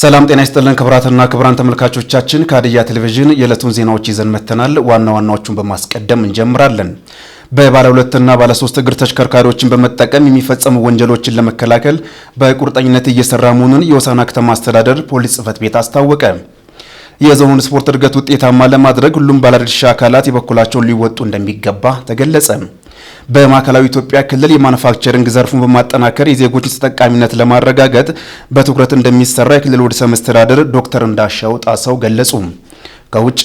ሰላም ጤና ይስጥልን ክቡራትና ክቡራን ተመልካቾቻችን ከሀዲያ ቴሌቪዥን የዕለቱን ዜናዎች ይዘን መጥተናል። ዋና ዋናዎቹን በማስቀደም እንጀምራለን። በባለ ሁለትና ባለ ሶስት እግር ተሽከርካሪዎችን በመጠቀም የሚፈጸሙ ወንጀሎችን ለመከላከል በቁርጠኝነት እየሰራ መሆኑን የሆሳዕና ከተማ አስተዳደር ፖሊስ ጽሕፈት ቤት አስታወቀ። የዞኑን ስፖርት እድገት ውጤታማ ለማድረግ ሁሉም ባለድርሻ አካላት የበኩላቸውን ሊወጡ እንደሚገባ ተገለጸ። በማዕከላዊ ኢትዮጵያ ክልል የማኑፋክቸሪንግ ዘርፉን በማጠናከር የዜጎችን ተጠቃሚነት ለማረጋገጥ በትኩረት እንደሚሰራ የክልሉ ርዕሰ መስተዳድር ዶክተር እንዳሻው ጣሰው ገለጹ። ከውጭ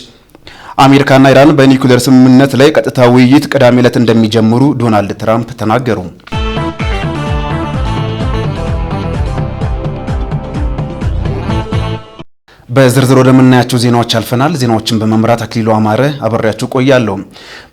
አሜሪካና ኢራን በኒውክሌር ስምምነት ላይ ቀጥታ ውይይት ቅዳሜ ዕለት እንደሚጀምሩ ዶናልድ ትራምፕ ተናገሩ። በዝርዝር ወደምናያቸው ዜናዎች አልፈናል። ዜናዎችን በመምራት አክሊሉ አማረ አበሬያችሁ ቆያለሁ።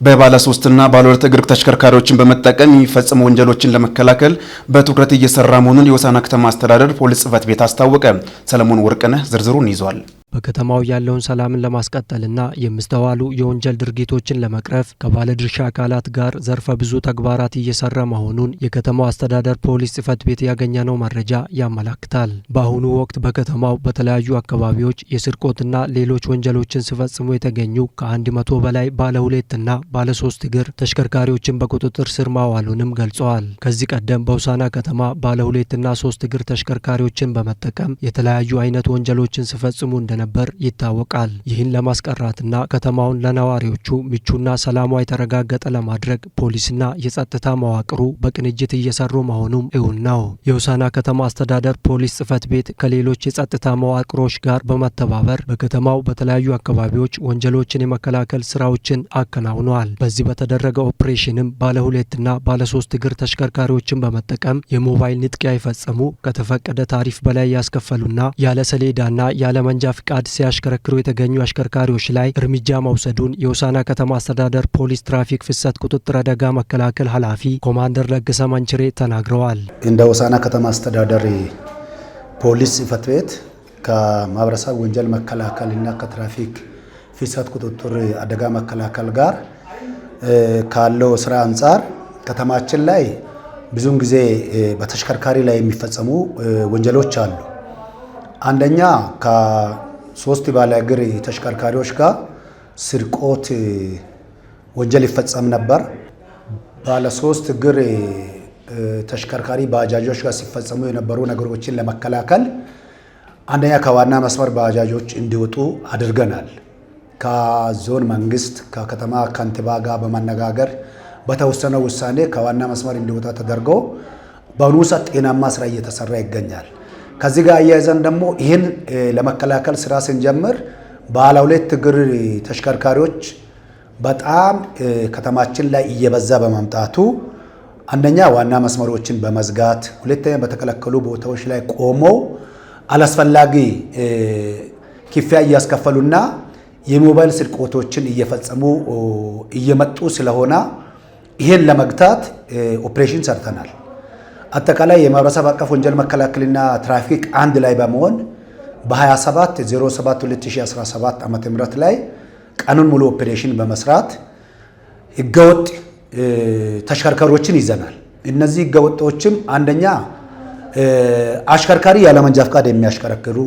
በባለሶስትና ባለሁለት እግር ተሽከርካሪዎችን በመጠቀም የሚፈጸሙ ወንጀሎችን ለመከላከል በትኩረት እየሰራ መሆኑን የሆሳዕና ከተማ አስተዳደር ፖሊስ ጽሕፈት ቤት አስታወቀ። ሰለሞን ወርቅነህ ዝርዝሩን ይዟል። በከተማው ያለውን ሰላምን ለማስቀጠልና የሚስተዋሉ የወንጀል ድርጊቶችን ለመቅረፍ ከባለድርሻ አካላት ጋር ዘርፈ ብዙ ተግባራት እየሰራ መሆኑን የከተማው አስተዳደር ፖሊስ ጽፈት ቤት ያገኘነው መረጃ ያመላክታል። በአሁኑ ወቅት በከተማው በተለያዩ አካባቢዎች የስርቆትና ሌሎች ወንጀሎችን ሲፈጽሙ የተገኙ ከአንድ መቶ በላይ ባለ ሁለትና ባለ ሶስት እግር ተሽከርካሪዎችን በቁጥጥር ስር ማዋሉንም ገልጸዋል። ከዚህ ቀደም በውሳና ከተማ ባለ ሁለትና ሶስት እግር ተሽከርካሪዎችን በመጠቀም የተለያዩ አይነት ወንጀሎችን ሲፈጽሙ እንደ እንደነበር ይታወቃል። ይህን ለማስቀራትና ከተማውን ለነዋሪዎቹ ምቹና ሰላሟ የተረጋገጠ ለማድረግ ፖሊስና የጸጥታ መዋቅሩ በቅንጅት እየሰሩ መሆኑም እውን ነው። የሆሳዕና ከተማ አስተዳደር ፖሊስ ጽፈት ቤት ከሌሎች የጸጥታ መዋቅሮች ጋር በመተባበር በከተማው በተለያዩ አካባቢዎች ወንጀሎችን የመከላከል ስራዎችን አከናውኗል። በዚህ በተደረገ ኦፕሬሽንም ባለ ሁለትና ባለ ሶስት እግር ተሽከርካሪዎችን በመጠቀም የሞባይል ንጥቂያ የፈጸሙ ከተፈቀደ ታሪፍ በላይ ያስከፈሉና ያለ ሰሌዳና ያለ መንጃ ፍቃድ ፍቃድ ሲያሽከረክሩ የተገኙ አሽከርካሪዎች ላይ እርምጃ መውሰዱን የሆሳና ከተማ አስተዳደር ፖሊስ ትራፊክ ፍሰት ቁጥጥር አደጋ መከላከል ኃላፊ ኮማንደር ለገሰ መንችሬ ተናግረዋል። እንደ ሆሳና ከተማ አስተዳደር ፖሊስ ጽሕፈት ቤት ከማህበረሰብ ወንጀል መከላከልና ከትራፊክ ፍሰት ቁጥጥር አደጋ መከላከል ጋር ካለው ስራ አንጻር ከተማችን ላይ ብዙን ጊዜ በተሽከርካሪ ላይ የሚፈጸሙ ወንጀሎች አሉ። አንደኛ ሶስት ባለ እግር ተሽከርካሪዎች ጋር ስርቆት ወንጀል ይፈጸም ነበር። ባለ ሶስት እግር ተሽከርካሪ ባጃጆች ጋር ሲፈጸሙ የነበሩ ነገሮችን ለመከላከል አንደኛ ከዋና መስመር ባጃጆች እንዲወጡ አድርገናል። ከዞን መንግስት ከከተማ ከንቲባ ጋር በማነጋገር በተወሰነ ውሳኔ ከዋና መስመር እንዲወጣ ተደርጎ በአሁኑ ሰዓት ጤናማ ስራ እየተሰራ ይገኛል። ከዚህ ጋር አያይዘን ደግሞ ይህን ለመከላከል ስራ ስንጀምር ባለ ሁለት እግር ተሽከርካሪዎች በጣም ከተማችን ላይ እየበዛ በማምጣቱ አንደኛ ዋና መስመሮችን በመዝጋት ሁለተኛ በተከለከሉ ቦታዎች ላይ ቆመው አላስፈላጊ ክፍያ እያስከፈሉና የሞባይል ስርቆቶችን እየፈጸሙ እየመጡ ስለሆነ ይህን ለመግታት ኦፕሬሽን ሰርተናል። አጠቃላይ የማህበረሰብ አቀፍ ወንጀል መከላከልና ትራፊክ አንድ ላይ በመሆን በ27 07 2017 ዓ.ም ላይ ቀኑን ሙሉ ኦፕሬሽን በመስራት ህገወጥ ተሽከርካሪዎችን ይዘናል። እነዚህ ህገወጦችም አንደኛ አሽከርካሪ ያለመንጃ ፍቃድ የሚያሽከረክሩ፣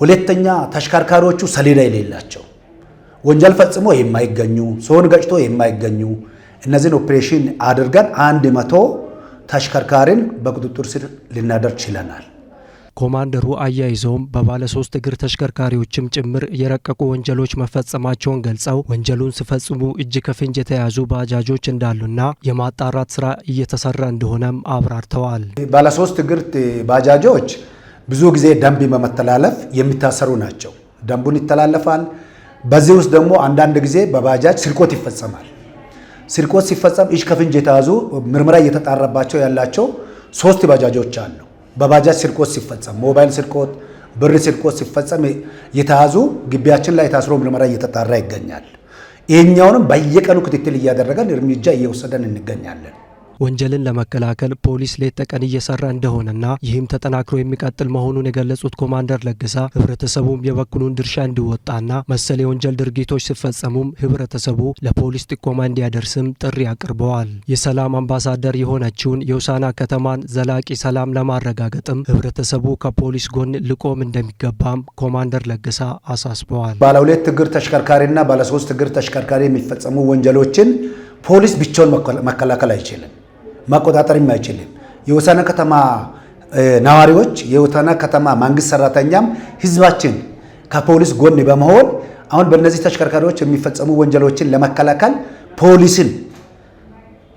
ሁለተኛ ተሽከርካሪዎቹ ሰሌዳ የሌላቸው ወንጀል ፈጽሞ የማይገኙ ሰውን ገጭቶ የማይገኙ እነዚህን ኦፕሬሽን አድርገን አንድ መቶ ተሽከርካሪን በቁጥጥር ስር ልናደር ችለናል። ኮማንደሩ አያይዘውም በባለሶስት እግር ተሽከርካሪዎችም ጭምር የረቀቁ ወንጀሎች መፈጸማቸውን ገልጸው ወንጀሉን ሲፈጽሙ እጅ ከፍንጅ የተያዙ ባጃጆች እንዳሉና የማጣራት ስራ እየተሰራ እንደሆነም አብራርተዋል። ሶስት እግር ባጃጆች ብዙ ጊዜ ደንብ በመተላለፍ የሚታሰሩ ናቸው። ደንቡን ይተላለፋል። በዚህ ውስጥ ደግሞ አንዳንድ ጊዜ በባጃጅ ስርቆት ይፈጸማል። ስርቆት ሲፈጸም እጅ ከፍንጅ የተያዙ ምርመራ እየተጣራባቸው ያላቸው ሶስት ባጃጆች አሉ። በባጃጅ ስርቆት ሲፈጸም ሞባይል ስርቆት፣ ብር ስርቆት ሲፈጸም የተያዙ ግቢያችን ላይ ታስሮ ምርመራ እየተጣራ ይገኛል። ይህኛውንም በየቀኑ ክትትል እያደረገን እርምጃ እየወሰደን እንገኛለን። ወንጀልን ለመከላከል ፖሊስ ሌት ተቀን እየሰራ እንደሆነና ይህም ተጠናክሮ የሚቀጥል መሆኑን የገለጹት ኮማንደር ለግሳ ህብረተሰቡም የበኩሉን ድርሻ እንዲወጣና መሰል የወንጀል ድርጊቶች ሲፈጸሙም ህብረተሰቡ ለፖሊስ ጥቆማ እንዲያደርስም ጥሪ አቅርበዋል። የሰላም አምባሳደር የሆነችውን የውሳና ከተማን ዘላቂ ሰላም ለማረጋገጥም ህብረተሰቡ ከፖሊስ ጎን ልቆም እንደሚገባም ኮማንደር ለገሳ አሳስበዋል። ባለ ሁለት እግር ተሽከርካሪና ባለ ሶስት እግር ተሽከርካሪ የሚፈጸሙ ወንጀሎችን ፖሊስ ብቻውን መከላከል አይችልም። መቆጣጠር አይችልም። የሆሳዕና ከተማ ነዋሪዎች፣ የሆሳዕና ከተማ መንግስት ሰራተኛም ህዝባችን ከፖሊስ ጎን በመሆን አሁን በእነዚህ ተሽከርካሪዎች የሚፈጸሙ ወንጀሎችን ለመከላከል ፖሊስን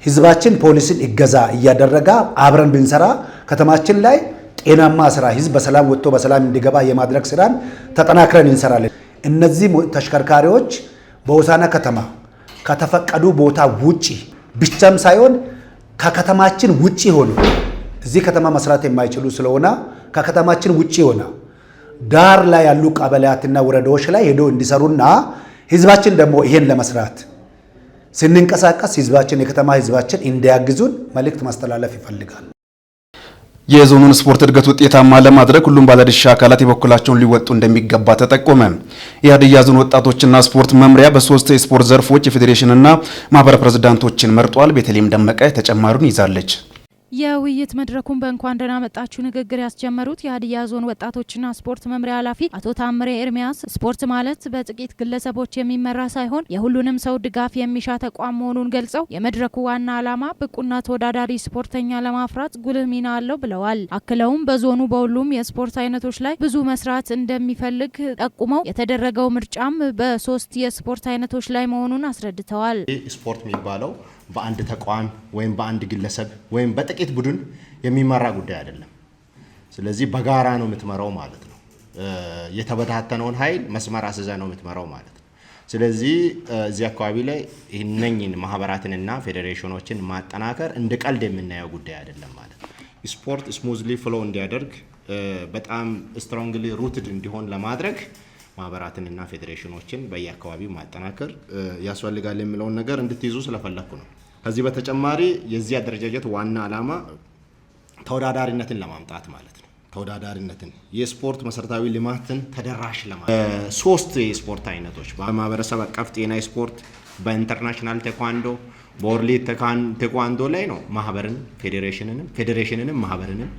ህዝባችን ፖሊስን እገዛ እያደረገ አብረን ብንሰራ ከተማችን ላይ ጤናማ ስራ ህዝብ በሰላም ወጥቶ በሰላም እንዲገባ የማድረግ ስራን ተጠናክረን እንሰራለን። እነዚህ ተሽከርካሪዎች በሆሳዕና ከተማ ከተፈቀዱ ቦታ ውጪ ብቻም ሳይሆን ከከተማችን ውጭ ሆኑ እዚህ ከተማ መስራት የማይችሉ ስለሆነ ከከተማችን ውጭ ሆነ ዳር ላይ ያሉ ቀበሌያትና ወረዳዎች ላይ ሄዶ እንዲሰሩና ህዝባችን ደግሞ ይሄን ለመስራት ስንንቀሳቀስ ህዝባችን የከተማ ህዝባችን እንዲያግዙን መልእክት ማስተላለፍ ይፈልጋል። የዞኑን ስፖርት እድገት ውጤታማ ለማድረግ ሁሉም ባለድርሻ አካላት የበኩላቸውን ሊወጡ እንደሚገባ ተጠቆመ። የሀዲያ ዞን ወጣቶችና ስፖርት መምሪያ በሶስት የስፖርት ዘርፎች የፌዴሬሽንና ማህበረ ፕሬዝዳንቶችን መርጧል። ቤተልሔም ደመቀ ተጨማሪውን ይዛለች። የውይይት መድረኩን በእንኳን ደህና መጣችሁ ንግግር ያስጀመሩት የሀዲያ ዞን ወጣቶችና ስፖርት መምሪያ ኃላፊ አቶ ታምሬ ኤርሚያስ ስፖርት ማለት በጥቂት ግለሰቦች የሚመራ ሳይሆን የሁሉንም ሰው ድጋፍ የሚሻ ተቋም መሆኑን ገልጸው የመድረኩ ዋና ዓላማ ብቁና ተወዳዳሪ ስፖርተኛ ለማፍራት ጉልህ ሚና አለው ብለዋል። አክለውም በዞኑ በሁሉም የስፖርት አይነቶች ላይ ብዙ መስራት እንደሚፈልግ ጠቁመው የተደረገው ምርጫም በሶስት የስፖርት አይነቶች ላይ መሆኑን አስረድተዋል። ስፖርት የሚባለው በአንድ ተቋም ወይም በአንድ ግለሰብ ወይም በጥቂት ቡድን የሚመራ ጉዳይ አይደለም። ስለዚህ በጋራ ነው የምትመራው ማለት ነው። የተበታተነውን ኃይል መስመር አስዘ ነው የምትመራው ማለት ነው። ስለዚህ እዚህ አካባቢ ላይ ይህነኝን ማህበራትንና ፌዴሬሽኖችን ማጠናከር እንደ ቀልድ የምናየው ጉዳይ አይደለም ማለት ነው። ስፖርት ስሙዝሊ ፍሎ እንዲያደርግ በጣም ስትሮንግሊ ሩትድ እንዲሆን ለማድረግ ማህበራትንና ፌዴሬሽኖችን በየአካባቢው ማጠናከር ያስፈልጋል የሚለውን ነገር እንድትይዙ ስለፈለግኩ ነው። ከዚህ በተጨማሪ የዚህ አደረጃጀት ዋና ዓላማ ተወዳዳሪነትን ለማምጣት ማለት ነው። ተወዳዳሪነትን የስፖርት መሰረታዊ ልማትን ተደራሽ ለማድረግ ሶስት የስፖርት አይነቶች በማህበረሰብ አቀፍ ጤና ስፖርት፣ በኢንተርናሽናል ቴኳንዶ፣ በወርሊ ቴኳንዶ ላይ ነው ማህበርን ፌዴሬሽንንም ፌዴሬሽንንም ማህበርንም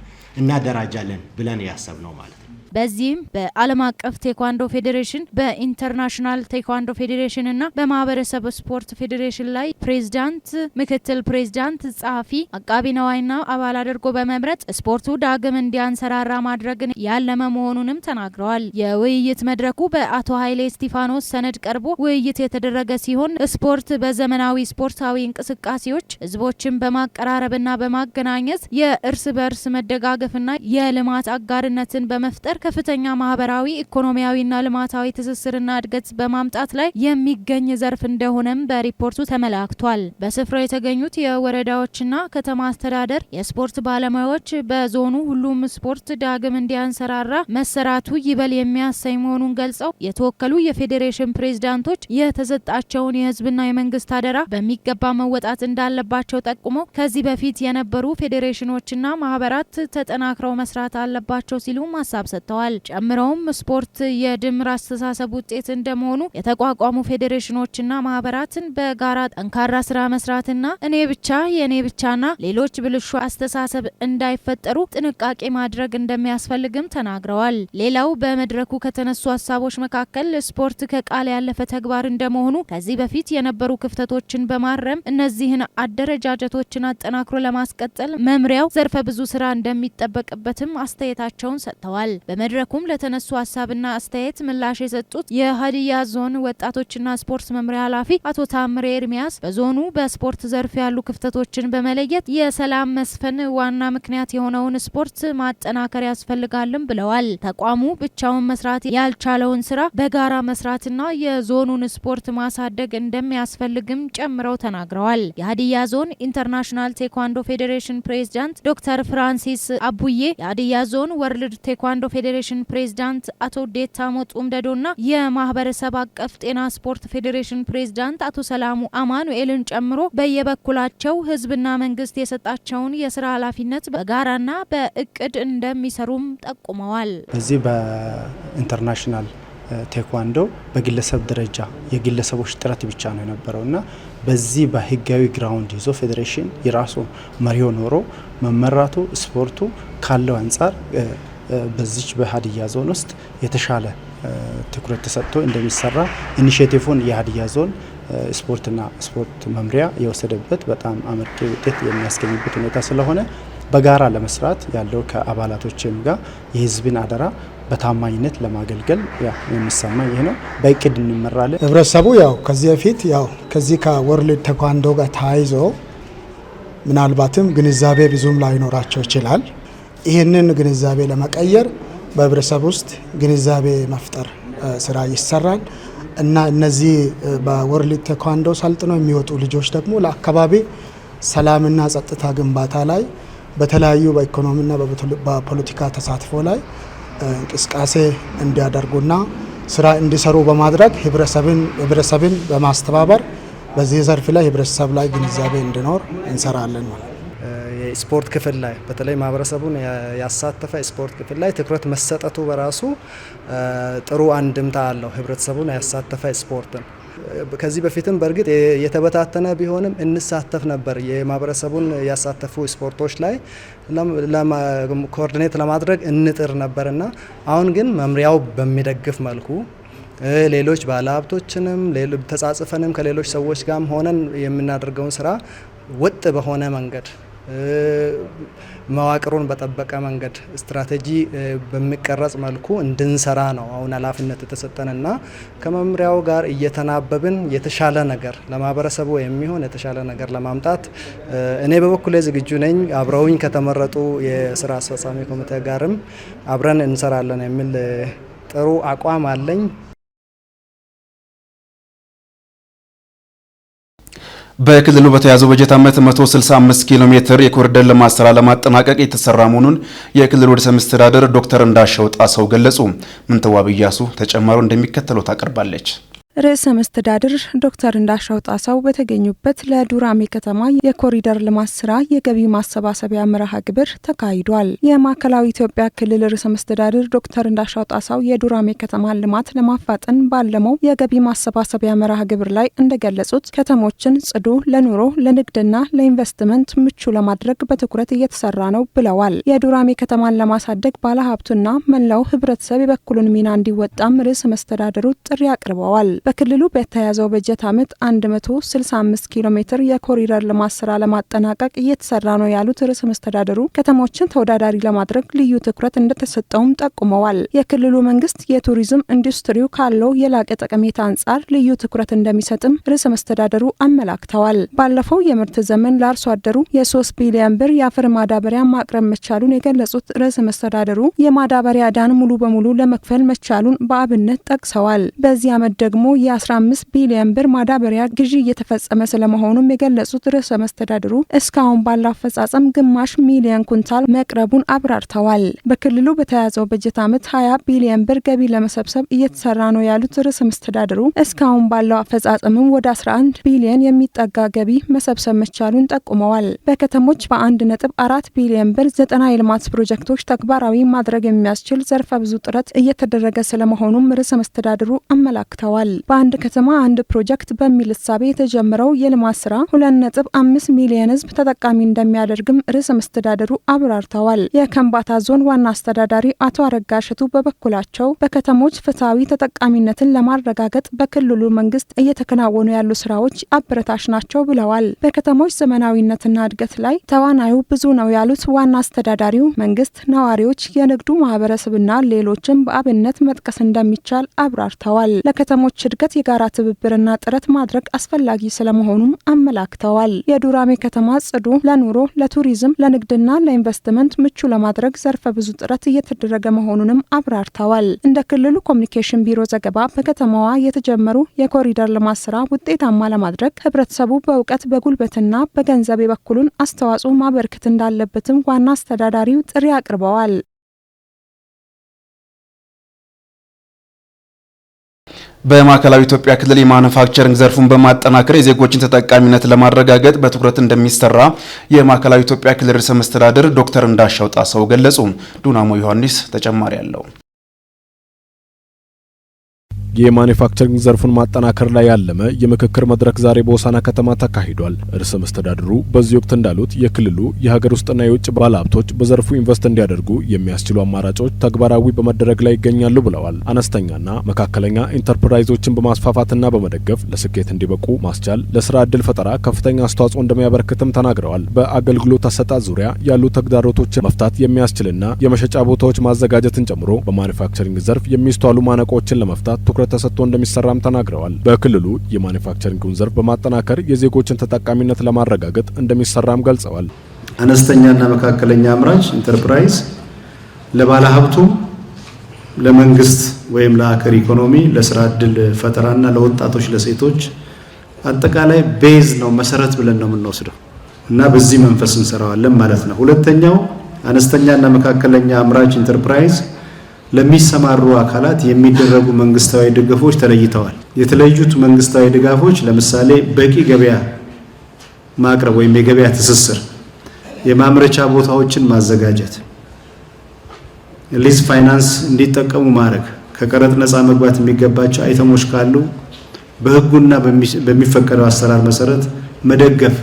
እናደራጃለን ብለን ነው ማለት ነው። በዚህም በዓለም አቀፍ ቴኳንዶ ፌዴሬሽን በኢንተርናሽናል ቴኳንዶ ፌዴሬሽን በማህበረሰብ ስፖርት ፌዴሬሽን ላይ ፕሬዝዳንት፣ ምክትል ፕሬዝዳንት፣ ጸሐፊ፣ አቃቢ ነዋይና አባል አድርጎ በመምረጥ ስፖርቱ ዳግም እንዲያንሰራራ ማድረግን ያለመ መሆኑንም ተናግረዋል። የውይይት መድረኩ በአቶ ኃይሌ እስጢፋኖስ ሰነድ ቀርቦ ውይይት የተደረገ ሲሆን ስፖርት በዘመናዊ ስፖርታዊ እንቅስቃሴዎች ህዝቦችን በማቀራረብና በማገናኘት የእርስ በእርስ መደጋገፍና የልማት አጋርነትን በመፍጠር ከፍተኛ ማህበራዊ ኢኮኖሚያዊና ልማታዊ ትስስርና እድገት በማምጣት ላይ የሚገኝ ዘርፍ እንደሆነም በሪፖርቱ ተመላክቷል። በስፍራው የተገኙት የወረዳዎችና ከተማ አስተዳደር የስፖርት ባለሙያዎች በዞኑ ሁሉም ስፖርት ዳግም እንዲያንሰራራ መሰራቱ ይበል የሚያሰኝ መሆኑን ገልጸው የተወከሉ የፌዴሬሽን ፕሬዝዳንቶች የተሰጣቸውን የህዝብና የመንግስት አደራ በሚገባ መወጣት እንዳለባቸው ጠቁመው ከዚህ በፊት የነበሩ ፌዴሬሽኖችና ማህበራት ተጠናክረው መስራት አለባቸው ሲሉም ማሳብ ሰጥተዋል። አብራርተዋል። ጨምረውም ስፖርት የድምር አስተሳሰብ ውጤት እንደመሆኑ የተቋቋሙ ፌዴሬሽኖችና ማህበራትን በጋራ ጠንካራ ስራ መስራትና እኔ ብቻ የእኔ ብቻና ሌሎች ብልሹ አስተሳሰብ እንዳይፈጠሩ ጥንቃቄ ማድረግ እንደሚያስፈልግም ተናግረዋል። ሌላው በመድረኩ ከተነሱ ሀሳቦች መካከል ስፖርት ከቃል ያለፈ ተግባር እንደመሆኑ ከዚህ በፊት የነበሩ ክፍተቶችን በማረም እነዚህን አደረጃጀቶችን አጠናክሮ ለማስቀጠል መምሪያው ዘርፈ ብዙ ስራ እንደሚጠበቅበትም አስተያየታቸውን ሰጥተዋል። በመድረኩም ለተነሱ ሀሳብና አስተያየት ምላሽ የሰጡት የሀዲያ ዞን ወጣቶችና ስፖርት መምሪያ ኃላፊ አቶ ታምሬ ኤርሚያስ በዞኑ በስፖርት ዘርፍ ያሉ ክፍተቶችን በመለየት የሰላም መስፈን ዋና ምክንያት የሆነውን ስፖርት ማጠናከር ያስፈልጋልም ብለዋል። ተቋሙ ብቻውን መስራት ያልቻለውን ስራ በጋራ መስራትና የዞኑን ስፖርት ማሳደግ እንደሚያስፈልግም ጨምረው ተናግረዋል። የሀዲያ ዞን ኢንተርናሽናል ቴኳንዶ ፌዴሬሽን ፕሬዚዳንት ዶክተር ፍራንሲስ አቡዬ የሀዲያ ዞን ወርልድ ቴኳንዶ ፌዴሬሽን ፌዴሬሽን ፕሬዝዳንት አቶ ዴታሞ ጡምደዶና የማህበረሰብ አቀፍ ጤና ስፖርት ፌዴሬሽን ፕሬዝዳንት አቶ ሰላሙ አማኑኤልን ጨምሮ በየበኩላቸው ህዝብና መንግስት የሰጣቸውን የስራ ኃላፊነት በጋራና በእቅድ እንደሚሰሩም ጠቁመዋል። በዚህ በኢንተርናሽናል ቴኳንዶ በግለሰብ ደረጃ የግለሰቦች ጥረት ብቻ ነው የነበረው እና በዚህ በህጋዊ ግራውንድ ይዞ ፌዴሬሽን የራሱ መሪው ኖሮ መመራቱ ስፖርቱ ካለው አንጻር በዚች በሀዲያ ዞን ውስጥ የተሻለ ትኩረት ተሰጥቶ እንደሚሰራ ኢኒሽቲቭን የሀዲያ ዞን ስፖርትና ስፖርት መምሪያ የወሰደበት በጣም አመርቂ ውጤት የሚያስገኝበት ሁኔታ ስለሆነ በጋራ ለመስራት ያለው ከአባላቶችም ጋር የህዝብን አደራ በታማኝነት ለማገልገል የሚሰማ ይህ ነው። በእቅድ እንመራለን። ህብረተሰቡ ያው ከዚህ በፊት ያው ከዚህ ከወርልድ ተኳንዶ ጋር ተያይዞ ምናልባትም ግንዛቤ ብዙም ላይኖራቸው ይችላል። ይህንን ግንዛቤ ለመቀየር በህብረተሰብ ውስጥ ግንዛቤ መፍጠር ስራ ይሰራል እና እነዚህ በወርልድ ቴኳንዶ ሰልጥነው የሚወጡ ልጆች ደግሞ ለአካባቢ ሰላምና ጸጥታ ግንባታ ላይ በተለያዩ በኢኮኖሚና በፖለቲካ ተሳትፎ ላይ እንቅስቃሴ እንዲያደርጉና ስራ እንዲሰሩ በማድረግ ህብረተሰብን በማስተባበር በዚህ ዘርፍ ላይ ህብረተሰብ ላይ ግንዛቤ እንዲኖር እንሰራለን ማለት ነው። ስፖርት ክፍል ላይ በተለይ ማህበረሰቡን ያሳተፈ ስፖርት ክፍል ላይ ትኩረት መሰጠቱ በራሱ ጥሩ አንድምታ አለው። ህብረተሰቡን ያሳተፈ ስፖርትን ከዚህ በፊትም በእርግጥ የተበታተነ ቢሆንም እንሳተፍ ነበር። የማህበረሰቡን ያሳተፉ ስፖርቶች ላይ ኮኦርዲኔት ለማድረግ እንጥር ነበር እና አሁን ግን መምሪያው በሚደግፍ መልኩ ሌሎች ባለሀብቶችንም ተጻጽፈንም ከሌሎች ሰዎች ጋርም ሆነን የምናደርገውን ስራ ወጥ በሆነ መንገድ መዋቅሩን በጠበቀ መንገድ ስትራቴጂ በሚቀረጽ መልኩ እንድንሰራ ነው አሁን ኃላፊነት የተሰጠንና ከመምሪያው ጋር እየተናበብን የተሻለ ነገር ለማህበረሰቡ የሚሆን የተሻለ ነገር ለማምጣት እኔ በበኩሌ ዝግጁ ነኝ። አብረውኝ ከተመረጡ የስራ አስፈጻሚ ኮሚቴ ጋርም አብረን እንሰራለን የሚል ጥሩ አቋም አለኝ። በክልሉ በተያዘው በጀት ዓመት 165 ኪሎ ሜትር የኮሪደር ልማት ስራ ለማጠናቀቅ የተሰራ መሆኑን የክልሉ ርዕሰ መስተዳደር ዶክተር እንዳሻው ጣሰው ገለጹ። ምንተዋብያሱ እያሱ ተጨማሪው እንደሚከተለው ታቀርባለች። ርዕሰ መስተዳድር ዶክተር እንዳሻው ጣሰው በተገኙበት ለዱራሜ ከተማ የኮሪደር ልማት ስራ የገቢ ማሰባሰቢያ መርሃ ግብር ተካሂዷል። የማዕከላዊ ኢትዮጵያ ክልል ርዕሰ መስተዳድር ዶክተር እንዳሻው ጣሰው የዱራሜ ከተማን ልማት ለማፋጠን ባለመው የገቢ ማሰባሰቢያ መርሃ ግብር ላይ እንደገለጹት ከተሞችን ጽዱ፣ ለኑሮ ለንግድና ለኢንቨስትመንት ምቹ ለማድረግ በትኩረት እየተሰራ ነው ብለዋል። የዱራሜ ከተማን ለማሳደግ ባለሀብቱና መላው ህብረተሰብ የበኩሉን ሚና እንዲወጣም ርዕሰ መስተዳድሩ ጥሪ አቅርበዋል። በክልሉ በተያዘው በጀት ዓመት 165 ኪሎ ሜትር የኮሪደር ልማት ስራ ለማጠናቀቅ እየተሰራ ነው ያሉት ርዕሰ መስተዳደሩ ከተሞችን ተወዳዳሪ ለማድረግ ልዩ ትኩረት እንደተሰጠውም ጠቁመዋል። የክልሉ መንግስት የቱሪዝም ኢንዱስትሪው ካለው የላቀ ጠቀሜታ አንጻር ልዩ ትኩረት እንደሚሰጥም ርዕሰ መስተዳደሩ አመላክተዋል። ባለፈው የምርት ዘመን ለአርሶ አደሩ የ3 ቢሊዮን ብር የአፈር ማዳበሪያ ማቅረብ መቻሉን የገለጹት ርዕሰ መስተዳደሩ የማዳበሪያ ዕዳን ሙሉ በሙሉ ለመክፈል መቻሉን በአብነት ጠቅሰዋል። በዚህ ዓመት ደግሞ የ15 ቢሊዮን ብር ማዳበሪያ ግዢ እየተፈጸመ ስለመሆኑም የገለጹት ርዕሰ መስተዳድሩ እስካሁን ባለው አፈጻጸም ግማሽ ሚሊዮን ኩንታል መቅረቡን አብራርተዋል። በክልሉ በተያዘው በጀት ዓመት 20 ቢሊዮን ብር ገቢ ለመሰብሰብ እየተሰራ ነው ያሉት ርዕሰ መስተዳድሩ እስካሁን ባለው አፈጻጸምም ወደ 11 ቢሊዮን የሚጠጋ ገቢ መሰብሰብ መቻሉን ጠቁመዋል። በከተሞች በአንድ ነጥብ አራት ቢሊዮን ብር ዘጠና የልማት ፕሮጀክቶች ተግባራዊ ማድረግ የሚያስችል ዘርፈ ብዙ ጥረት እየተደረገ ስለመሆኑም ርዕሰ መስተዳድሩ አመላክተዋል። በአንድ ከተማ አንድ ፕሮጀክት በሚል እሳቤ የተጀመረው የልማት ስራ ሁለት ነጥብ አምስት ሚሊየን ህዝብ ተጠቃሚ እንደሚያደርግም ርዕሰ መስተዳደሩ አብራርተዋል። የከንባታ ዞን ዋና አስተዳዳሪ አቶ አረጋሸቱ በበኩላቸው በከተሞች ፍትሐዊ ተጠቃሚነትን ለማረጋገጥ በክልሉ መንግስት እየተከናወኑ ያሉ ስራዎች አበረታሽ ናቸው ብለዋል። በከተሞች ዘመናዊነትና እድገት ላይ ተዋናዩ ብዙ ነው ያሉት ዋና አስተዳዳሪው መንግስት፣ ነዋሪዎች፣ የንግዱ ማህበረሰብና ሌሎችም በአብነት መጥቀስ እንደሚቻል አብራርተዋል። ለከተሞች እድገት የጋራ ትብብርና ጥረት ማድረግ አስፈላጊ ስለመሆኑም አመላክተዋል። የዱራሜ ከተማ ጽዱ፣ ለኑሮ፣ ለቱሪዝም፣ ለንግድና ለኢንቨስትመንት ምቹ ለማድረግ ዘርፈ ብዙ ጥረት እየተደረገ መሆኑንም አብራርተዋል። እንደ ክልሉ ኮሚኒኬሽን ቢሮ ዘገባ በከተማዋ የተጀመሩ የኮሪደር ልማት ስራ ውጤታማ ለማድረግ ህብረተሰቡ በእውቀት በጉልበትና በገንዘብ የበኩሉን አስተዋጽኦ ማበርከት እንዳለበትም ዋና አስተዳዳሪው ጥሪ አቅርበዋል። በማዕከላዊ ኢትዮጵያ ክልል የማኑፋክቸሪንግ ዘርፉን በማጠናከር የዜጎችን ተጠቃሚነት ለማረጋገጥ በትኩረት እንደሚሰራ የማዕከላዊ ኢትዮጵያ ክልል ርዕሰ መስተዳድር ዶክተር እንዳሻው ጣሰው ገለጹ። ዱናሞ ዮሐንስ ተጨማሪ አለው። የማኒፋክቸሪንግ ዘርፉን ማጠናከር ላይ ያለመ የምክክር መድረክ ዛሬ በሆሳና ከተማ ተካሂዷል። ርዕሰ መስተዳድሩ በዚህ ወቅት እንዳሉት የክልሉ የሀገር ውስጥና የውጭ ባለሀብቶች በዘርፉ ኢንቨስት እንዲያደርጉ የሚያስችሉ አማራጮች ተግባራዊ በመደረግ ላይ ይገኛሉ ብለዋል። አነስተኛና መካከለኛ ኢንተርፕራይዞችን በማስፋፋትና በመደገፍ ለስኬት እንዲበቁ ማስቻል ለስራ ዕድል ፈጠራ ከፍተኛ አስተዋጽኦ እንደሚያበረክትም ተናግረዋል። በአገልግሎት አሰጣጥ ዙሪያ ያሉ ተግዳሮቶችን መፍታት የሚያስችልና የመሸጫ ቦታዎች ማዘጋጀትን ጨምሮ በማኒፋክቸሪንግ ዘርፍ የሚስተዋሉ ማነቆዎችን ለመፍታት ትኩረት ትኩረት ተሰጥቶ እንደሚሰራም ተናግረዋል። በክልሉ የማኒፋክቸሪንግን ዘርፍ በማጠናከር የዜጎችን ተጠቃሚነት ለማረጋገጥ እንደሚሰራም ገልጸዋል። አነስተኛና መካከለኛ አምራች ኢንተርፕራይዝ ለባለሀብቱ ለመንግስት ወይም ለአከር ኢኮኖሚ ለስራ እድል ፈጠራና ለወጣቶች ለሴቶች አጠቃላይ ቤዝ ነው መሰረት ብለን ነው የምንወስደው እና በዚህ መንፈስ እንሰራዋለን ማለት ነው። ሁለተኛው አነስተኛና መካከለኛ አምራች ኢንተርፕራይዝ ለሚሰማሩ አካላት የሚደረጉ መንግስታዊ ድጋፎች ተለይተዋል። የተለዩት መንግስታዊ ድጋፎች ለምሳሌ በቂ ገበያ ማቅረብ ወይም የገበያ ትስስር፣ የማምረቻ ቦታዎችን ማዘጋጀት፣ ሊዝ ፋይናንስ እንዲጠቀሙ ማድረግ፣ ከቀረጥ ነፃ መግባት የሚገባቸው አይተሞች ካሉ በህጉና በሚፈቀደው አሰራር መሰረት መደገፍ፣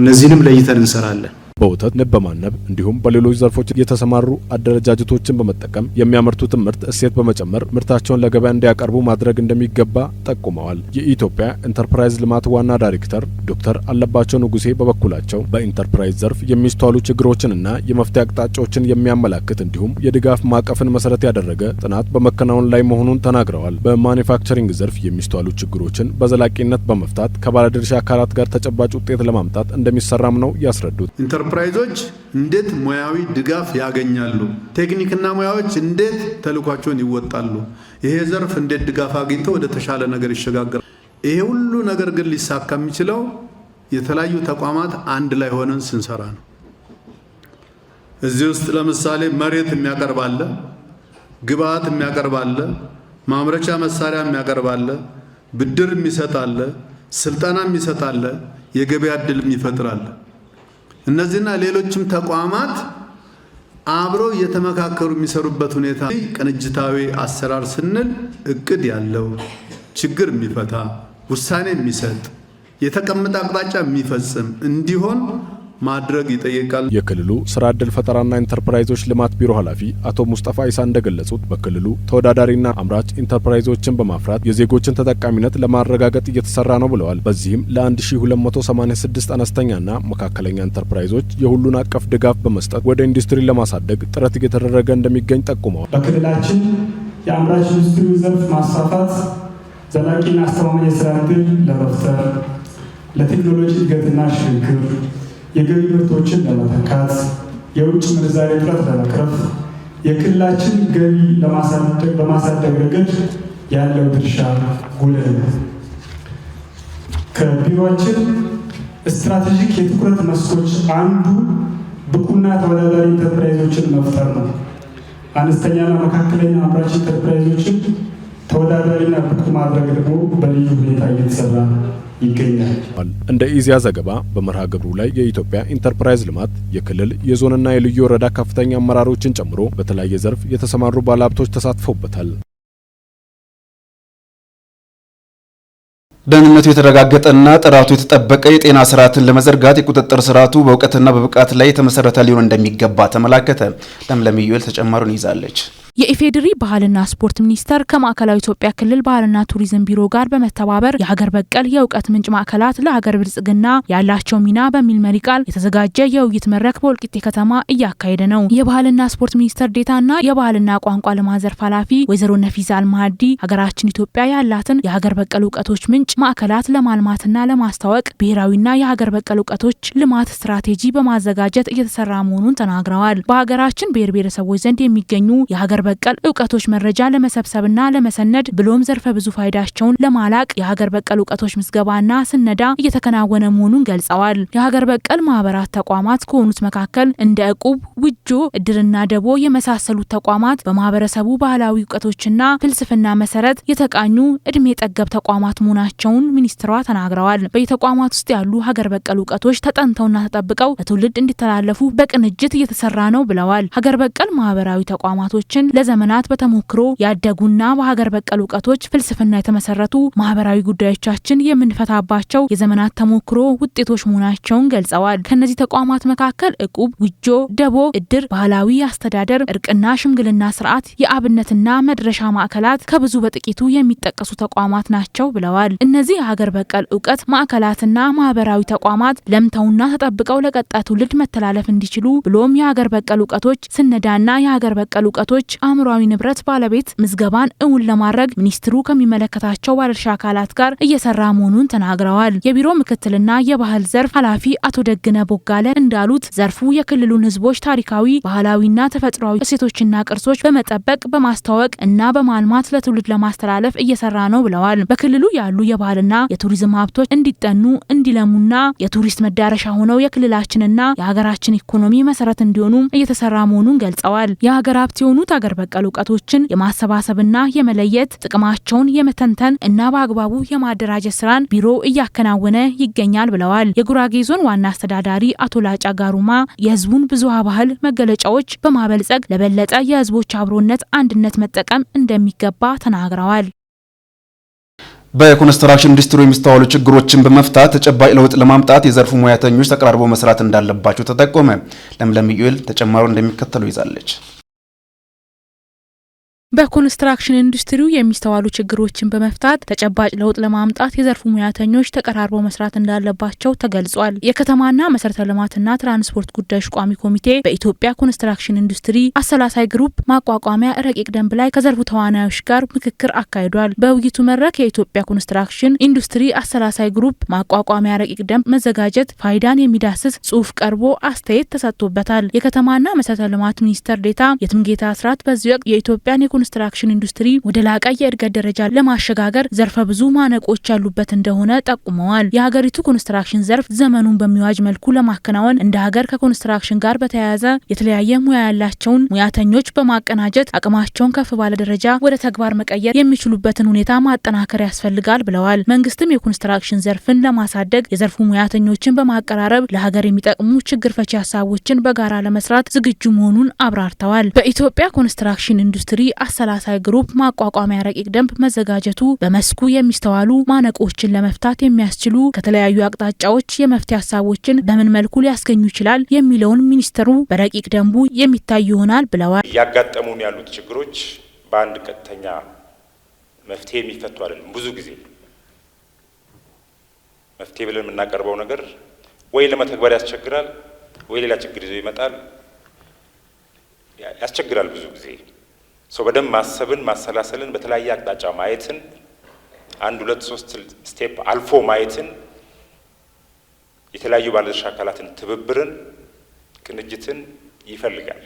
እነዚህንም ለይተን እንሰራለን። በወተት ንብ በማነብ እንዲሁም በሌሎች ዘርፎች የተሰማሩ አደረጃጀቶችን በመጠቀም የሚያመርቱትን ምርት እሴት በመጨመር ምርታቸውን ለገበያ እንዲያቀርቡ ማድረግ እንደሚገባ ጠቁመዋል። የኢትዮጵያ ኢንተርፕራይዝ ልማት ዋና ዳይሬክተር ዶክተር አለባቸው ንጉሴ በበኩላቸው በኢንተርፕራይዝ ዘርፍ የሚስተዋሉ ችግሮችንና የመፍትሄ አቅጣጫዎችን የሚያመላክት እንዲሁም የድጋፍ ማዕቀፍን መሰረት ያደረገ ጥናት በመከናወን ላይ መሆኑን ተናግረዋል። በማኒፋክቸሪንግ ዘርፍ የሚስተዋሉ ችግሮችን በዘላቂነት በመፍታት ከባለድርሻ አካላት ጋር ተጨባጭ ውጤት ለማምጣት እንደሚሰራም ነው ያስረዱት። ኢንተርፕራይዞች እንዴት ሙያዊ ድጋፍ ያገኛሉ? ቴክኒክና ሙያዎች እንዴት ተልኳቸውን ይወጣሉ? ይሄ ዘርፍ እንዴት ድጋፍ አግኝቶ ወደ ተሻለ ነገር ይሸጋገራል? ይሄ ሁሉ ነገር ግን ሊሳካ የሚችለው የተለያዩ ተቋማት አንድ ላይ ሆነን ስንሰራ ነው። እዚህ ውስጥ ለምሳሌ መሬት የሚያቀርባለ፣ ግብአት የሚያቀርባለ፣ ማምረቻ መሳሪያ የሚያቀርባለ፣ ብድር የሚሰጣለ፣ ስልጠና የሚሰጣለ፣ የገበያ እድል የሚፈጥራለ እነዚህና ሌሎችም ተቋማት አብረው እየተመካከሩ የሚሰሩበት ሁኔታ ቅንጅታዊ አሰራር ስንል እቅድ ያለው ችግር የሚፈታ ውሳኔ የሚሰጥ የተቀመጠ አቅጣጫ የሚፈጽም እንዲሆን ማድረግ ይጠይቃል። የክልሉ ስራ እድል ፈጠራና ኢንተርፕራይዞች ልማት ቢሮ ኃላፊ አቶ ሙስጠፋ ኢሳ እንደገለጹት በክልሉ ተወዳዳሪና አምራች ኢንተርፕራይዞችን በማፍራት የዜጎችን ተጠቃሚነት ለማረጋገጥ እየተሰራ ነው ብለዋል። በዚህም ለ1286 አነስተኛና መካከለኛ ኢንተርፕራይዞች የሁሉን አቀፍ ድጋፍ በመስጠት ወደ ኢንዱስትሪ ለማሳደግ ጥረት እየተደረገ እንደሚገኝ ጠቁመዋል። በክልላችን የአምራች ኢንዱስትሪ ዘርፍ ማስፋፋት ዘላቂና አስተማማኝ የስራ ዕድል ለመፍጠር ለቴክኖሎጂ እድገትና ሽግግር የገቢ ምርቶችን ለመተካት፣ የውጭ ምንዛሬ እጥረት ለመቅረፍ፣ የክልላችን ገቢ በማሳደግ ረገድ ያለው ድርሻ ጉልህ ነው። ከቢሮችን ስትራቴጂክ የትኩረት መስኮች አንዱ ብቁና ተወዳዳሪ ኢንተርፕራይዞችን መፍጠር ነው። አነስተኛና መካከለኛ አምራች ኢንተርፕራይዞችን ተወዳዳሪና ብቁ ማድረግ ደግሞ በልዩ ሁኔታ እየተሰራ ነው። ይገኛል። እንደ ኢዜአ ዘገባ በመርሃ ግብሩ ላይ የኢትዮጵያ ኢንተርፕራይዝ ልማት የክልል የዞንና የልዩ ወረዳ ከፍተኛ አመራሮችን ጨምሮ በተለያየ ዘርፍ የተሰማሩ ባለሀብቶች ተሳትፎበታል። ደህንነቱ የተረጋገጠና ጥራቱ የተጠበቀ የጤና ስርዓትን ለመዘርጋት የቁጥጥር ስርዓቱ በእውቀትና በብቃት ላይ የተመሰረተ ሊሆን እንደሚገባ ተመላከተ። ለምለም ዩኤል ተጨማሪውን ይዛለች። የኢፌዴሪ ባህልና ስፖርት ሚኒስቴር ከማዕከላዊ ኢትዮጵያ ክልል ባህልና ቱሪዝም ቢሮ ጋር በመተባበር የሀገር በቀል የእውቀት ምንጭ ማዕከላት ለሀገር ብልጽግና ያላቸው ሚና በሚል መሪ ቃል የተዘጋጀ የውይይት መድረክ በወልቂጤ ከተማ እያካሄደ ነው። የባህልና ስፖርት ሚኒስቴር ዴኤታና የባህልና ቋንቋ ልማት ዘርፍ ኃላፊ ወይዘሮ ነፊዛ አልማህዲ ሀገራችን ኢትዮጵያ ያላትን የሀገር በቀል እውቀቶች ምንጭ ማዕከላት ለማልማትና ለማስታወቅ ብሔራዊና የሀገር በቀል እውቀቶች ልማት ስትራቴጂ በማዘጋጀት እየተሰራ መሆኑን ተናግረዋል። በሀገራችን ብሔር ብሔረሰቦች ዘንድ የሚገኙ የሀገር ሀገር በቀል እውቀቶች መረጃ ለመሰብሰብና ለመሰነድ ብሎም ዘርፈ ብዙ ፋይዳቸውን ለማላቅ የሀገር በቀል እውቀቶች ምዝገባና ስነዳ እየተከናወነ መሆኑን ገልጸዋል። የሀገር በቀል ማህበራት ተቋማት ከሆኑት መካከል እንደ እቁብ፣ ውጆ፣ እድርና ደቦ የመሳሰሉት ተቋማት በማህበረሰቡ ባህላዊ እውቀቶችና ፍልስፍና መሰረት የተቃኙ እድሜ ጠገብ ተቋማት መሆናቸውን ሚኒስትሯ ተናግረዋል። በየተቋማት ውስጥ ያሉ ሀገር በቀል እውቀቶች ተጠንተውና ተጠብቀው ለትውልድ እንዲተላለፉ በቅንጅት እየተሰራ ነው ብለዋል። ሀገር በቀል ማህበራዊ ተቋማቶችን ለዘመናት በተሞክሮ ያደጉና በሀገር በቀል እውቀቶች ፍልስፍና የተመሰረቱ ማህበራዊ ጉዳዮቻችን የምንፈታባቸው የዘመናት ተሞክሮ ውጤቶች መሆናቸውን ገልጸዋል። ከእነዚህ ተቋማት መካከል እቁብ፣ ጉጆ፣ ደቦ፣ እድር፣ ባህላዊ አስተዳደር፣ እርቅና ሽምግልና ስርዓት፣ የአብነትና መድረሻ ማዕከላት ከብዙ በጥቂቱ የሚጠቀሱ ተቋማት ናቸው ብለዋል። እነዚህ የሀገር በቀል እውቀት ማዕከላትና ማህበራዊ ተቋማት ለምተውና ተጠብቀው ለቀጣይ ትውልድ መተላለፍ እንዲችሉ ብሎም የሀገር በቀል እውቀቶች ስነዳና የሀገር በቀል እውቀቶች አእምሯዊ ንብረት ባለቤት ምዝገባን እውን ለማድረግ ሚኒስትሩ ከሚመለከታቸው ባለድርሻ አካላት ጋር እየሰራ መሆኑን ተናግረዋል። የቢሮ ምክትልና የባህል ዘርፍ ኃላፊ አቶ ደግነ ቦጋለ እንዳሉት ዘርፉ የክልሉን ህዝቦች ታሪካዊ፣ ባህላዊና ተፈጥሯዊ እሴቶችና ቅርሶች በመጠበቅ በማስተዋወቅ እና በማልማት ለትውልድ ለማስተላለፍ እየሰራ ነው ብለዋል። በክልሉ ያሉ የባህልና የቱሪዝም ሀብቶች እንዲጠኑ እንዲለሙና የቱሪስት መዳረሻ ሆነው የክልላችንና የሀገራችን ኢኮኖሚ መሰረት እንዲሆኑ እየተሰራ መሆኑን ገልጸዋል። የሀገር ሀብት የሆኑት ሀገር በቀል እውቀቶችን የማሰባሰብና የመለየት ጥቅማቸውን የመተንተን እና በአግባቡ የማደራጀት ስራን ቢሮ እያከናወነ ይገኛል ብለዋል። የጉራጌ ዞን ዋና አስተዳዳሪ አቶ ላጫ ጋሩማ የህዝቡን ብዙሃ ባህል መገለጫዎች በማበልጸግ ለበለጠ የህዝቦች አብሮነት አንድነት መጠቀም እንደሚገባ ተናግረዋል። በኮንስትራክሽን ኢንዱስትሪ የሚስተዋሉ ችግሮችን በመፍታት ተጨባጭ ለውጥ ለማምጣት የዘርፉ ሙያተኞች ተቀራርበው መስራት እንዳለባቸው ተጠቆመ። ለምለም ዩኤል ተጨማሪ እንደሚከተሉ ይዛለች። በኮንስትራክሽን ኢንዱስትሪው የሚስተዋሉ ችግሮችን በመፍታት ተጨባጭ ለውጥ ለማምጣት የዘርፉ ሙያተኞች ተቀራርበው መስራት እንዳለባቸው ተገልጿል። የከተማና መሰረተ ልማትና ትራንስፖርት ጉዳዮች ቋሚ ኮሚቴ በኢትዮጵያ ኮንስትራክሽን ኢንዱስትሪ አሰላሳይ ግሩፕ ማቋቋሚያ ረቂቅ ደንብ ላይ ከዘርፉ ተዋናዮች ጋር ምክክር አካሂዷል። በውይይቱ መድረክ የኢትዮጵያ ኮንስትራክሽን ኢንዱስትሪ አሰላሳይ ግሩፕ ማቋቋሚያ ረቂቅ ደንብ መዘጋጀት ፋይዳን የሚዳስስ ጽሑፍ ቀርቦ አስተያየት ተሰጥቶበታል። የከተማና መሰረተ ልማት ሚኒስትር ዴኤታ የትምጌታ አስራት በዚህ ወቅት የኢትዮጵያን የኮንስትራክሽን ኢንዱስትሪ ወደ ላቀ የእድገት ደረጃ ለማሸጋገር ዘርፈ ብዙ ማነቆች ያሉበት እንደሆነ ጠቁመዋል። የሀገሪቱ ኮንስትራክሽን ዘርፍ ዘመኑን በሚዋጅ መልኩ ለማከናወን እንደ ሀገር ከኮንስትራክሽን ጋር በተያያዘ የተለያየ ሙያ ያላቸውን ሙያተኞች በማቀናጀት አቅማቸውን ከፍ ባለ ደረጃ ወደ ተግባር መቀየር የሚችሉበትን ሁኔታ ማጠናከር ያስፈልጋል ብለዋል። መንግስትም የኮንስትራክሽን ዘርፍን ለማሳደግ የዘርፉ ሙያተኞችን በማቀራረብ ለሀገር የሚጠቅሙ ችግር ፈቺ ሀሳቦችን በጋራ ለመስራት ዝግጁ መሆኑን አብራርተዋል። በኢትዮጵያ ኮንስትራክሽን ኢንዱስትሪ የአሰላሳይ ግሩፕ ማቋቋሚያ ረቂቅ ደንብ መዘጋጀቱ በመስኩ የሚስተዋሉ ማነቆችን ለመፍታት የሚያስችሉ ከተለያዩ አቅጣጫዎች የመፍትሄ ሀሳቦችን በምን መልኩ ሊያስገኙ ይችላል የሚለውን ሚኒስትሩ በረቂቅ ደንቡ የሚታይ ይሆናል ብለዋል። እያጋጠሙን ያሉት ችግሮች በአንድ ቀጥተኛ መፍትሄ የሚፈቱ አይደለም። ብዙ ጊዜ መፍትሄ ብለን የምናቀርበው ነገር ወይ ለመተግበር ያስቸግራል፣ ወይ ሌላ ችግር ይዞ ይመጣል። ያስቸግራል ብዙ ጊዜ ሰው በደንብ ማሰብን ማሰላሰልን በተለያየ አቅጣጫ ማየትን አንድ ሁለት ሶስት ስቴፕ አልፎ ማየትን የተለያዩ ባለድርሻ አካላትን ትብብርን፣ ቅንጅትን ይፈልጋል።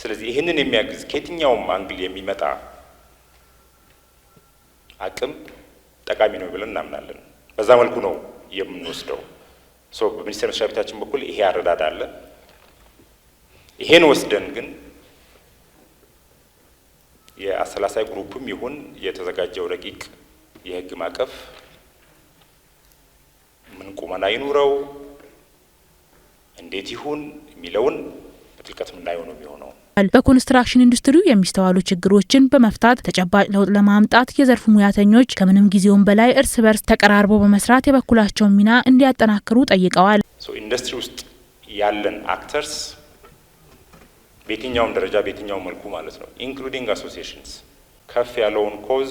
ስለዚህ ይህንን የሚያግዝ ከየትኛውም አንግል የሚመጣ አቅም ጠቃሚ ነው ብለን እናምናለን። በዛ መልኩ ነው የምንወስደው። በሚኒስቴር መስሪያ ቤታችን በኩል ይሄ አረዳድ አለ። ይሄን ወስደን ግን የአሰላሳይ ግሩፕም ይሁን የተዘጋጀው ረቂቅ የህግ ማዕቀፍ ምን ቁመና ይኑረው፣ እንዴት ይሁን የሚለውን በጥልቀት የምናየው ነው የሚሆነው። በኮንስትራክሽን ኢንዱስትሪው የሚስተዋሉ ችግሮችን በመፍታት ተጨባጭ ለውጥ ለማምጣት የዘርፉ ሙያተኞች ከምንም ጊዜውም በላይ እርስ በርስ ተቀራርበው በመስራት የበኩላቸውን ሚና እንዲያጠናክሩ ጠይቀዋል። ኢንዱስትሪ ውስጥ ያለን አክተርስ በየትኛውም ደረጃ በየትኛውም መልኩ ማለት ነው ኢንክሉዲንግ አሶሲሽንስ ከፍ ያለውን ኮዝ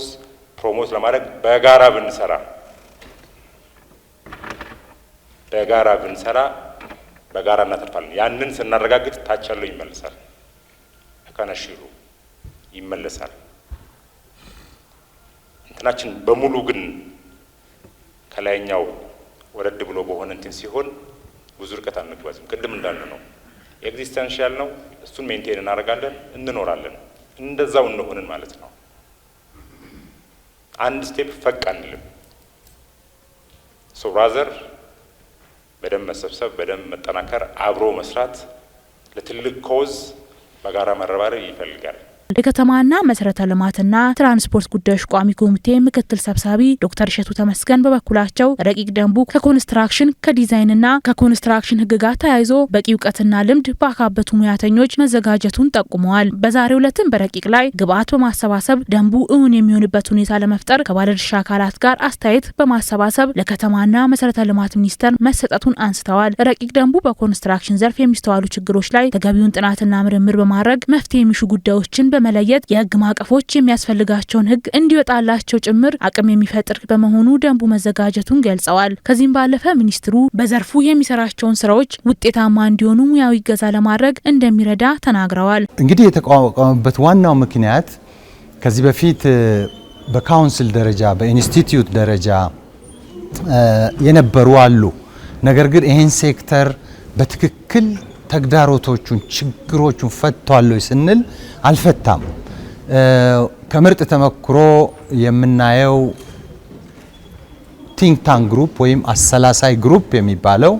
ፕሮሞት ለማድረግ በጋራ ብንሰራ በጋራ ብንሰራ በጋራ እናተርፋለን። ያንን ስናረጋግጥ ታች ያለው ይመለሳል፣ ከነሽሩ ይመለሳል። እንትናችን በሙሉ ግን ከላይኛው ወረድ ብሎ በሆነ እንትን ሲሆን ብዙ ርቀት አንጓዝም። ቅድም እንዳለ ነው። ኤግዚስተንሻል ነው። እሱን ሜንቴን እናደርጋለን፣ እንኖራለን። እንደዛው እንሆንን ማለት ነው። አንድ ስቴፕ ፈቅ አንልም። ሶ ራዘር በደንብ መሰብሰብ፣ በደንብ መጠናከር፣ አብሮ መስራት፣ ለትልቅ ኮዝ በጋራ መረባረብ ይፈልጋል። የከተማና መሰረተ ልማትና ትራንስፖርት ጉዳዮች ቋሚ ኮሚቴ ምክትል ሰብሳቢ ዶክተር እሸቱ ተመስገን በበኩላቸው ረቂቅ ደንቡ ከኮንስትራክሽን ከዲዛይንና ከኮንስትራክሽን ህግ ጋር ተያይዞ በቂ እውቀትና ልምድ ባካበቱ ሙያተኞች መዘጋጀቱን ጠቁመዋል። በዛሬው ዕለትም በረቂቅ ላይ ግብአት በማሰባሰብ ደንቡ እውን የሚሆንበት ሁኔታ ለመፍጠር ከባለድርሻ አካላት ጋር አስተያየት በማሰባሰብ ለከተማና መሰረተ ልማት ሚኒስቴር መሰጠቱን አንስተዋል። ረቂቅ ደንቡ በኮንስትራክሽን ዘርፍ የሚስተዋሉ ችግሮች ላይ ተገቢውን ጥናትና ምርምር በማድረግ መፍትሄ የሚሹ ጉዳዮችን በ በመለየት የህግ ማዕቀፎች የሚያስፈልጋቸውን ህግ እንዲወጣላቸው ጭምር አቅም የሚፈጥር በመሆኑ ደንቡ መዘጋጀቱን ገልጸዋል። ከዚህም ባለፈ ሚኒስትሩ በዘርፉ የሚሰራቸውን ስራዎች ውጤታማ እንዲሆኑ ሙያዊ ገዛ ለማድረግ እንደሚረዳ ተናግረዋል። እንግዲህ የተቋቋመበት ዋናው ምክንያት ከዚህ በፊት በካውንስል ደረጃ በኢንስቲትዩት ደረጃ የነበሩ አሉ። ነገር ግን ይህን ሴክተር በትክክል ተግዳሮቶቹን ችግሮቹን ፈቷለሁ ስንል አልፈታም። ከምርጥ ተመክሮ የምናየው ቲንክ ታንክ ግሩፕ ወይም አሰላሳይ ግሩፕ የሚባለው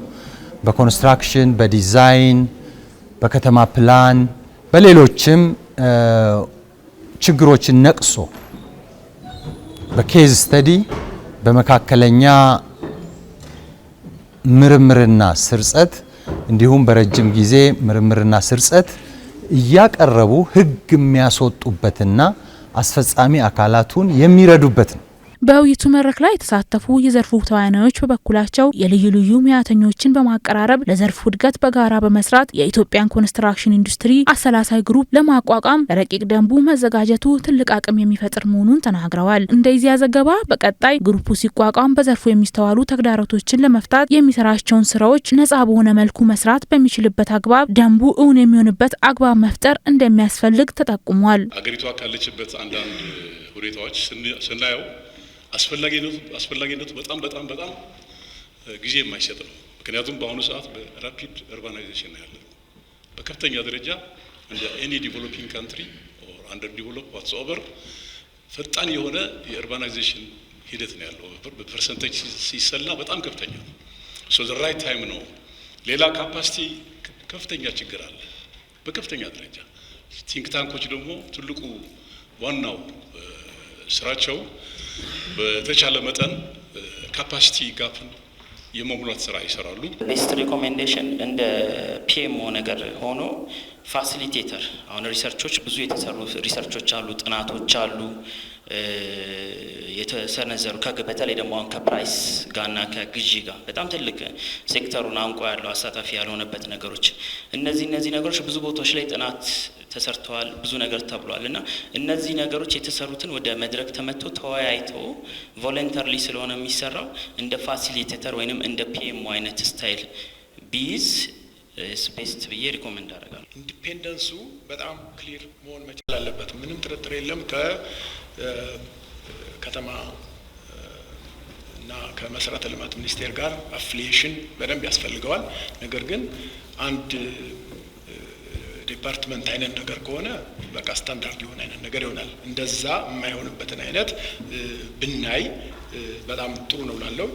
በኮንስትራክሽን፣ በዲዛይን፣ በከተማ ፕላን፣ በሌሎችም ችግሮችን ነቅሶ በኬዝ ስተዲ በመካከለኛ ምርምርና ስርጸት እንዲሁም በረጅም ጊዜ ምርምርና ስርጸት እያቀረቡ ህግ የሚያስወጡበትና አስፈጻሚ አካላቱን የሚረዱበት ነው። በውይይቱ መድረክ ላይ የተሳተፉ የዘርፉ ተዋናዮች በበኩላቸው የልዩ ልዩ ሙያተኞችን በማቀራረብ ለዘርፉ እድገት በጋራ በመስራት የኢትዮጵያን ኮንስትራክሽን ኢንዱስትሪ አሰላሳይ ግሩፕ ለማቋቋም ረቂቅ ደንቡ መዘጋጀቱ ትልቅ አቅም የሚፈጥር መሆኑን ተናግረዋል። እንደዚያ ዘገባ በቀጣይ ግሩፑ ሲቋቋም በዘርፉ የሚስተዋሉ ተግዳሮቶችን ለመፍታት የሚሰራቸውን ስራዎች ነጻ በሆነ መልኩ መስራት በሚችልበት አግባብ ደንቡ እውን የሚሆንበት አግባብ መፍጠር እንደሚያስፈልግ ተጠቁሟል። አገሪቷ ካለችበት አንዳንድ ሁኔታዎች ስናየው አስፈላጊነቱ በጣም በጣም በጣም ጊዜ የማይሰጥ ነው። ምክንያቱም በአሁኑ ሰዓት በራፒድ ኡርባናይዜሽን ነው በከፍተኛ ደረጃ እንደ ኤኒ ዲቨሎፒንግ ካንትሪ ኦር አንደር ዲቨሎፕ ዋትስ ኦቨር ፈጣን የሆነ የኡርባናይዜሽን ሂደት ነው ያለው። በፐርሰንቴጅ ሲሰላ በጣም ከፍተኛ ነው። ሶ ራይት ታይም ነው። ሌላ ካፓሲቲ ከፍተኛ ችግር አለ በከፍተኛ ደረጃ ቲንክ ታንኮች ደግሞ ትልቁ ዋናው ስራቸው በተቻለ መጠን ካፓሲቲ ጋፕን የመሙላት ስራ ይሰራሉ። ቤስት ሪኮሜንዴሽን እንደ ፒኤምኦ ነገር ሆኖ ፋሲሊቴተር አሁን ሪሰርቾች ብዙ የተሰሩ ሪሰርቾች አሉ፣ ጥናቶች አሉ የተሰነዘሩ በተለይ ደግሞ አሁን ከፕራይስ ጋርና ከግዢ ጋር በጣም ትልቅ ሴክተሩን አንቆ ያለው አሳታፊ ያልሆነበት ነገሮች እነዚህ እነዚህ ነገሮች ብዙ ቦታዎች ላይ ጥናት ተሰርተዋል፣ ብዙ ነገር ተብሏል እና እነዚህ ነገሮች የተሰሩትን ወደ መድረክ ተመቶ ተወያይቶ ቮለንተርሊ ስለሆነ የሚሰራው እንደ ፋሲሊቴተር ወይም እንደ ፒኤምኦ አይነት ስታይል ቢዝ ስፔስት ብዬ ሪኮመንድ አደርጋለሁ። ኢንዲፔንደንሱ በጣም ክሊር መሆን መቻል አለበት። ምንም ጥርጥር የለም ከከተማ እና ከመሰረተ ልማት ሚኒስቴር ጋር አፍሊሽን በደንብ ያስፈልገዋል። ነገር ግን አንድ ዲፓርትመንት አይነት ነገር ከሆነ በቃ ስታንዳርድ የሆነ አይነት ነገር ይሆናል። እንደዛ የማይሆንበትን አይነት ብናይ በጣም ጥሩ ነው ላለው